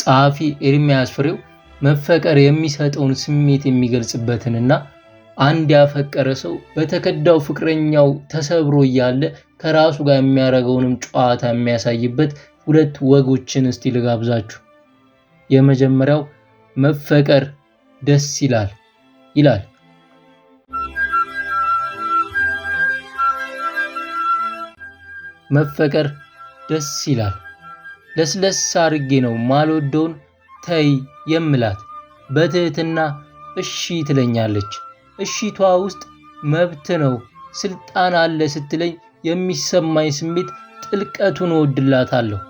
ጸሐፊ ኤርሚያስ ፍሬው መፈቀር የሚሰጠውን ስሜት የሚገልጽበትንና አንድ ያፈቀረ ሰው በተከዳው ፍቅረኛው ተሰብሮ እያለ ከራሱ ጋር የሚያደርገውንም ጨዋታ የሚያሳይበት ሁለት ወጎችን እስቲ ልጋብዛችሁ። የመጀመሪያው መፈቀር ደስ ይላል ይላል። መፈቀር ደስ ይላል። ለስለስ አርጌ ነው ማልወደውን ተይ የምላት። በትህትና እሺ ትለኛለች። እሺቷ ውስጥ መብት ነው ስልጣን አለ ስትለኝ የሚሰማኝ ስሜት ጥልቀቱን እወድላታለሁ።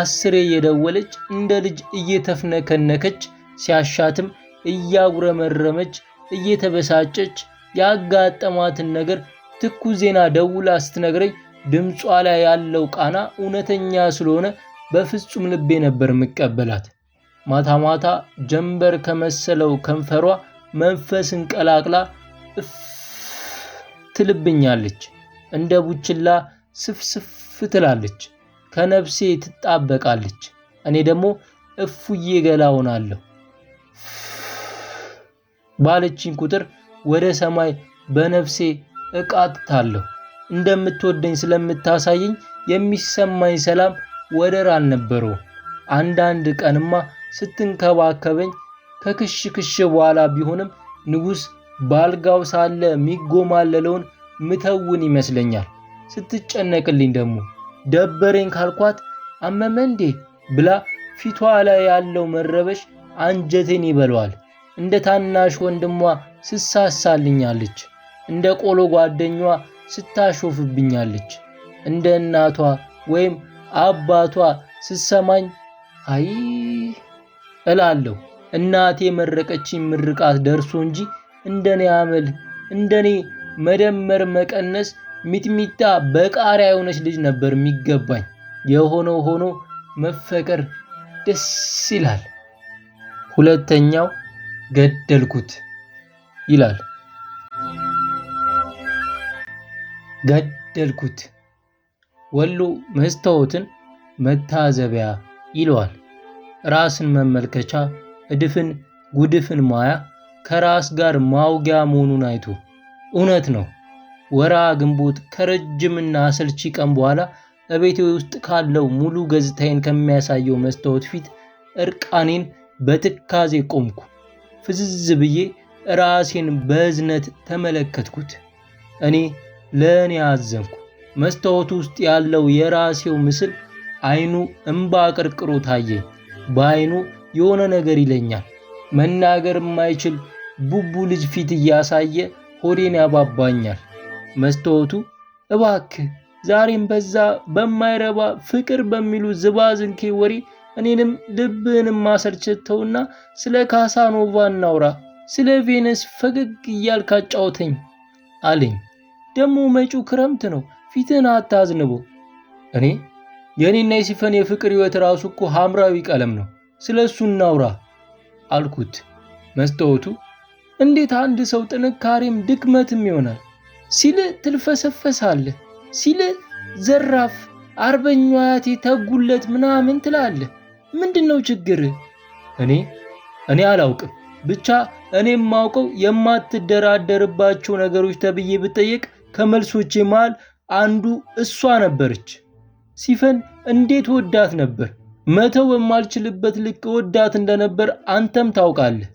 አስሬ የደወለች እንደ ልጅ እየተፍነከነከች ሲያሻትም እያጉረመረመች እየተበሳጨች ያጋጠማትን ነገር ትኩስ ዜና ደውላ ስትነግረኝ ድምጿ ላይ ያለው ቃና እውነተኛ ስለሆነ በፍጹም ልቤ ነበር ምቀበላት። ማታ ማታ ጀንበር ከመሰለው ከንፈሯ መንፈስን ቀላቅላ እፍ ትልብኛለች። እንደ ቡችላ ስፍስፍ ትላለች፣ ከነፍሴ ትጣበቃለች። እኔ ደግሞ እፉዬ ገላውን አለሁ ባለችኝ ቁጥር ወደ ሰማይ በነፍሴ እቃትታለሁ። እንደምትወደኝ ስለምታሳየኝ የሚሰማኝ ሰላም ወደር አልነበረው። አንዳንድ ቀንማ ስትንከባከበኝ ከክሽ ክሽ በኋላ ቢሆንም ንጉሥ ባልጋው ሳለ የሚጎማለለውን ምተውን ይመስለኛል። ስትጨነቅልኝ ደግሞ ደበረኝ ካልኳት አመመ እንዴ ብላ ፊቷ ላይ ያለው መረበሽ አንጀቴን ይበለዋል። እንደ ታናሽ ወንድሟ ስሳሳልኛለች፣ እንደ ቆሎ ጓደኛዋ ስታሾፍብኛለች፣ እንደ እናቷ ወይም አባቷ ስሰማኝ አይ እላለሁ። እናቴ መረቀችኝ ምርቃት ደርሶ እንጂ እንደኔ አመል እንደኔ መደመር መቀነስ ሚጥሚጣ በቃሪያ የሆነች ልጅ ነበር የሚገባኝ። የሆነ ሆኖ መፈቀር ደስ ይላል። ሁለተኛው ገደልኩት ይላል። ገደልኩት ወሎ መስታወትን መታዘቢያ ይለዋል። ራስን መመልከቻ እድፍን ጉድፍን ማያ ከራስ ጋር ማውጊያ መሆኑን አይቶ እውነት ነው። ወርሃ ግንቦት ከረጅምና አሰልቺ ቀን በኋላ እቤቴ ውስጥ ካለው ሙሉ ገጽታዬን ከሚያሳየው መስታወት ፊት እርቃኔን በትካዜ ቆምኩ። ፍዝዝ ብዬ ራሴን በእዝነት ተመለከትኩት። እኔ ለእኔ አዘንኩ። መስታወቱ ውስጥ ያለው የራሴው ምስል አይኑ እምባ ቀርቅሮ ታየኝ። በአይኑ የሆነ ነገር ይለኛል። መናገር የማይችል ቡቡ ልጅ ፊት እያሳየ ሆዴን ያባባኛል። መስታወቱ እባክህ ዛሬም በዛ በማይረባ ፍቅር በሚሉ ዝባዝንኬ ወሬ እኔንም ልብህንም ማሰርቸተውና ስለ ካሳኖቫ እናውራ፣ ስለ ቬነስ ፈገግ እያልክ አለኝ። ደግሞ መጪው ክረምት ነው ፊትን አታዝንቡ። እኔ የእኔና የሲፈን የፍቅር ሕይወት ራሱ እኮ ሐምራዊ ቀለም ነው፣ ስለ እሱ እናውራ አልኩት። መስታወቱ እንዴት አንድ ሰው ጥንካሬም ድክመትም ይሆናል ሲል ትልፈሰፈሳለህ፣ ሲል ዘራፍ፣ አርበኛ አያቴ ተጉለት ምናምን ትላለህ። ምንድን ነው ችግር? እኔ እኔ አላውቅም ብቻ እኔ የማውቀው የማትደራደርባቸው ነገሮች ተብዬ ብጠየቅ ከመልሶቼ መሃል አንዱ እሷ ነበረች። ሲፈን እንዴት ወዳት ነበር። መተው በማልችልበት ልክ ወዳት እንደነበር አንተም ታውቃለህ።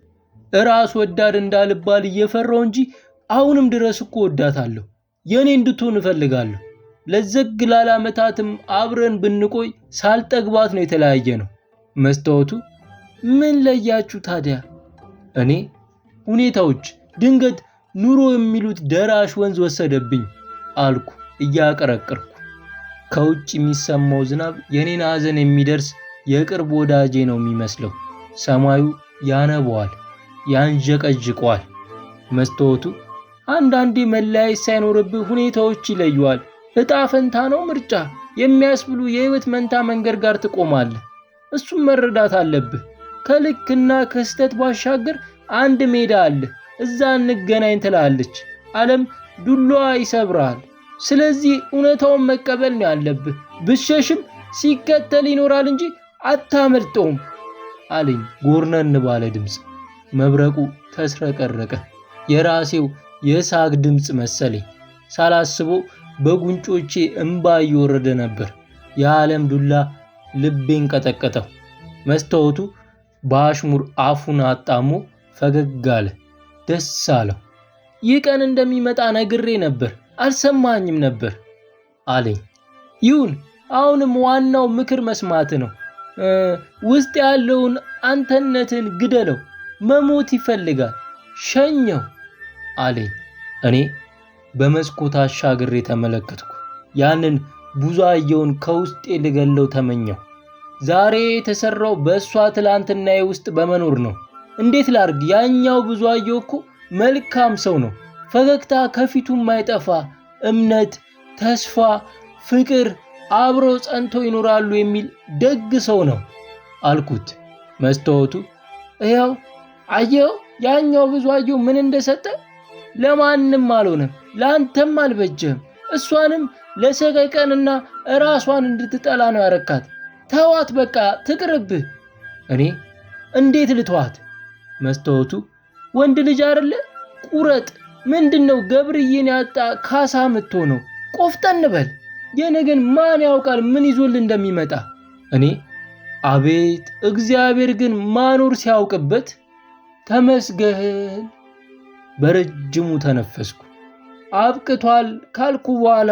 እራስ ወዳድ እንዳልባል እየፈራው እንጂ አሁንም ድረስ እኮ ወዳታለሁ። የእኔ እንድትሆን እፈልጋለሁ። ለዘግ ላለ ዓመታትም አብረን ብንቆይ ሳልጠግባት ነው የተለያየ ነው። መስታወቱ ምን ለያችሁ ታዲያ? እኔ ሁኔታዎች ድንገት ኑሮ የሚሉት ደራሽ ወንዝ ወሰደብኝ አልኩ። እያቀረቀርኩ ከውጭ የሚሰማው ዝናብ የኔን ሐዘን የሚደርስ የቅርብ ወዳጄ ነው የሚመስለው። ሰማዩ ያነበዋል፣ ያንዠቀዥቀዋል። መስታወቱ አንዳንዴ መለያየት ሳይኖርብህ ሁኔታዎች ይለዩዋል። እጣ ፈንታ ነው ምርጫ የሚያስብሉ የህይወት መንታ መንገድ ጋር ትቆማለህ። እሱም መረዳት አለብህ። ከልክና ከስህተት ባሻገር አንድ ሜዳ አለ፣ እዛ እንገናኝ ትላለች ዓለም። ዱሏ ይሰብራል! ስለዚህ እውነታውን መቀበል ነው ያለብህ። ብሸሽም ሲከተል ይኖራል እንጂ አታመልጠውም አለኝ ጎርነን ባለ ድምፅ። መብረቁ ተስረቀረቀ። የራሴው የሳግ ድምፅ መሰለኝ። ሳላስቦ በጉንጮቼ እምባ እየወረደ ነበር። የዓለም ዱላ ልቤን ቀጠቀጠው። መስታወቱ በአሽሙር አፉን አጣሞ ፈገግ አለ። ደስ አለው። ይህ ቀን እንደሚመጣ ነግሬ ነበር። አልሰማኝም ነበር አለኝ። ይሁን፣ አሁንም ዋናው ምክር መስማት ነው። ውስጥ ያለውን አንተነትን ግደለው፣ መሞት ይፈልጋል፣ ሸኘው አለኝ። እኔ በመስኮት አሻግሬ ተመለከትኩ። ያንን ቡዛየውን ከውስጤ ልገለው ተመኘው። ዛሬ የተሰራው በእሷ ትላንትናዬ ውስጥ በመኖር ነው። እንዴት ላርግ? ያኛው ብዙየው እኮ መልካም ሰው ነው። ፈገግታ ከፊቱ ማይጠፋ እምነት፣ ተስፋ፣ ፍቅር አብረው ጸንቶ ይኖራሉ የሚል ደግ ሰው ነው አልኩት። መስታወቱ እያው አየው፣ ያኛው ብዙ አየው ምን እንደሰጠ ለማንም አልሆነም፣ ለአንተም አልበጀህም። እሷንም ለሰቃይ ቀንና ራሷን እንድትጠላ ነው ያረካት። ተዋት በቃ ትቅርብህ። እኔ እንዴት ልተዋት? መስታወቱ ወንድ ልጅ አይደለ ቁረጥ ምንድን ነው ገብርዬን ያጣ ካሳ ምትሆነው? ቆፍጠን በል። የነገን ማን ያውቃል ምን ይዞልን እንደሚመጣ? እኔ አቤት እግዚአብሔር ግን ማኖር ሲያውቅበት ተመስገን። በረጅሙ ተነፈስኩ። አብቅቷል ካልኩ በኋላ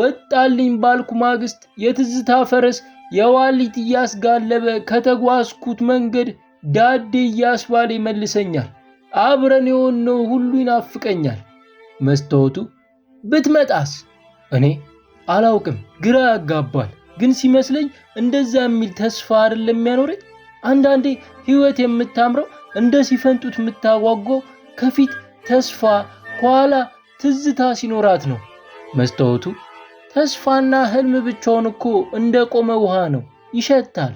ወጣልኝ ባልኩ ማግስት የትዝታ ፈረስ የዋሊት እያስጋለበ ከተጓዝኩት መንገድ ዳዴ እያስባለ ይመልሰኛል። አብረን የሆነው ሁሉ ይናፍቀኛል። መስታወቱ ብትመጣስ? እኔ አላውቅም፣ ግራ ያጋባል። ግን ሲመስለኝ እንደዛ የሚል ተስፋ አይደለም የሚያኖረኝ። አንዳንዴ ሕይወት የምታምረው እንደ ሲፈንጡት የምታጓጓው ከፊት ተስፋ ከኋላ ትዝታ ሲኖራት ነው። መስታወቱ ተስፋና ህልም ብቻውን እኮ እንደ ቆመ ውሃ ነው፣ ይሸታል።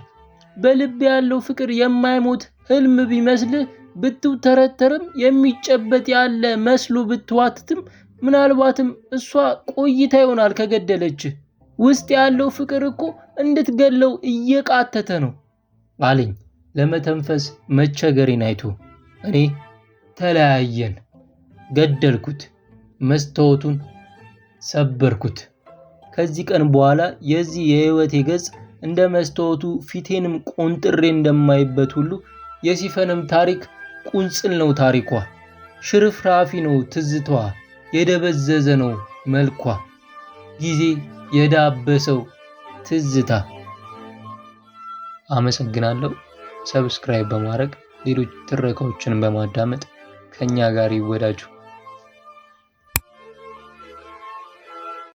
በልብ ያለው ፍቅር የማይሞት ህልም ቢመስልህ ብትውተረተርም የሚጨበት ያለ መስሎ ብትዋትትም ምናልባትም እሷ ቆይታ ይሆናል ከገደለች ውስጥ ያለው ፍቅር እኮ እንድትገለው እየቃተተ ነው አለኝ ለመተንፈስ መቸገሬን አይቶ። እኔ ተለያየን፣ ገደልኩት፣ መስታወቱን ሰበርኩት። ከዚህ ቀን በኋላ የዚህ የህይወቴ ገጽ እንደ መስታወቱ ፊቴንም ቆንጥሬ እንደማይበት ሁሉ የሲፈንም ታሪክ ቁንጽል ነው ታሪኳ፣ ሽርፍራፊ ነው ትዝቷ፣ የደበዘዘ ነው መልኳ፣ ጊዜ የዳበሰው ትዝታ። አመሰግናለሁ። ሰብስክራይብ በማድረግ ሌሎች ትረካዎችን በማዳመጥ ከኛ ጋር ይወዳጁ።